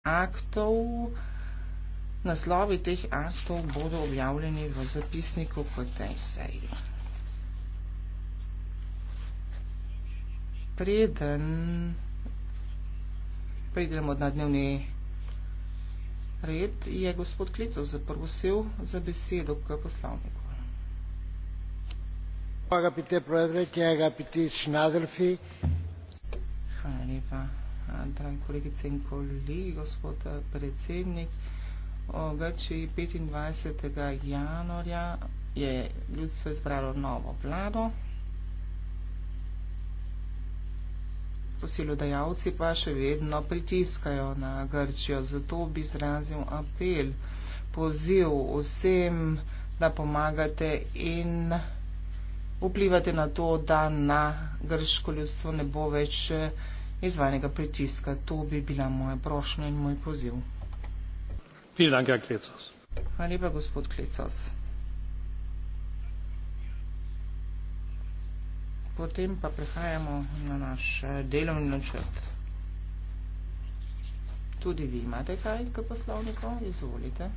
aktov, naslovi teh aktov bodo objavljeni v zapisniku po tej seji. Preden pridemo na dnevni red, je gospod Klico zaprosil za besedo k poslovniku. Agapite Proedre, Agapite Schnadelfi. Hvala lepa dragi kolegice in kolegi, gospod eh, predsednik. O Grči 25. januarja je ljudstvo izbralo novo vlado. Posilodajalci pa še vedno pritiskajo na Grčijo, zato bi izrazil apel, poziv vsem, da pomagate in vplivate na to, da na grško ljudstvo ne bo več eh, izvajanega pritiska. To bi bila moja prošnja in moj poziv. Hvala lepa, gospod Klecos. Potem pa prehajamo na naš eh, delovni načrt. Tudi vi imate kaj, kaj poslovnika? Izvolite.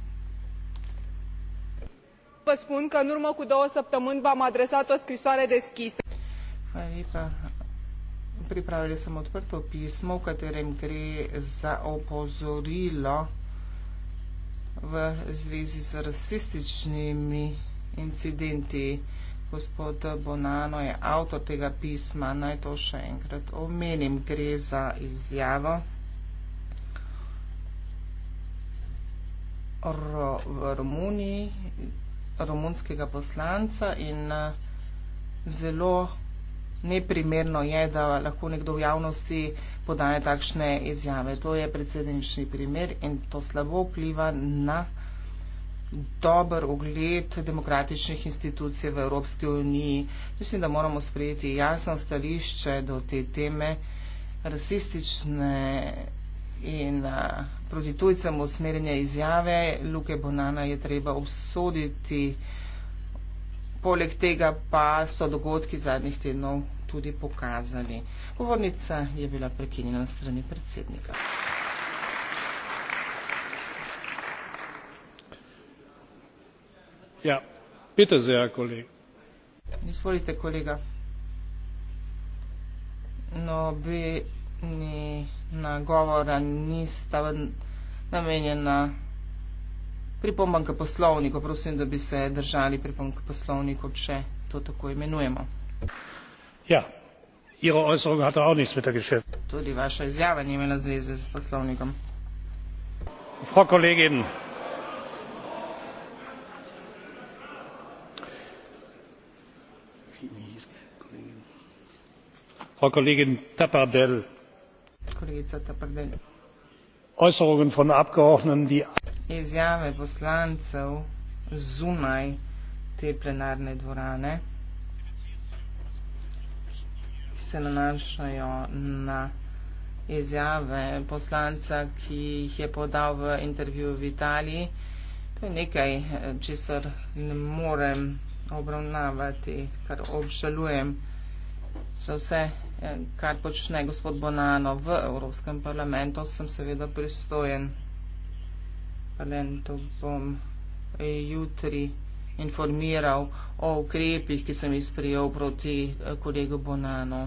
Vă spun că în urmă cu două săptămâni v-am adresat o scrisoare deschisă. Hai, uh, pripravili sem odprto pismo, v katerem gre za opozorilo v zvezi z rasističnimi incidenti. Gospod Bonano je avtor tega pisma, naj to še enkrat omenim, gre za izjavo Ro v Romuniji, romunskega poslanca in zelo neprimerno je, da lahko nekdo v javnosti podaja takšne izjave. To je predsedenični primer in to slabo vpliva na dober ogled demokratičnih institucij v Evropski uniji. Mislim, da moramo sprejeti jasno stališče do te teme rasistične in a, proti tujcem usmerjene izjave Luke Bonana je treba obsoditi. Poleg tega pa so dogodki zadnjih tednov tudi pokazali. Govornica je bila prekinjena na strani predsednika. Ja, pite zdaj, ja, kolega. Izvolite, kolega. No, bi ni nagovora, nista namenjena pripombam k poslovniku. Prosim, da bi se držali pripombam k poslovniku, če to tako imenujemo. Ja. ihre äußerung hatte auch nichts mit der geschäftsordnung. frau kollegin tapperdell äußerungen von abgeordneten die izjave poslancev zunaj te plenarne dvorane se nanašajo na izjave poslanca, ki jih je podal v intervju v Italiji. To je nekaj, česar ne morem obravnavati, kar obžalujem za vse, kar počne gospod Bonano v Evropskem parlamentu. Sem seveda pristojen. Parlamentu bom jutri informiral o ukrepih, ki sem jih sprijel proti kolegu Bonano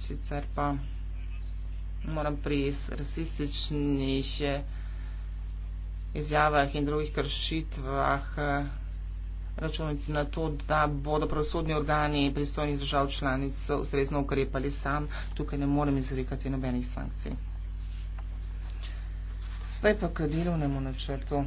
sicer pa moram pri rasističnih eh, izjavah in drugih kršitvah eh, računati na to, da bodo pravosodni organi pristojnih držav članic ustrezno ukrepali sam. Tukaj ne morem izrekati nobenih sankcij. Zdaj pa k delovnemu načrtu.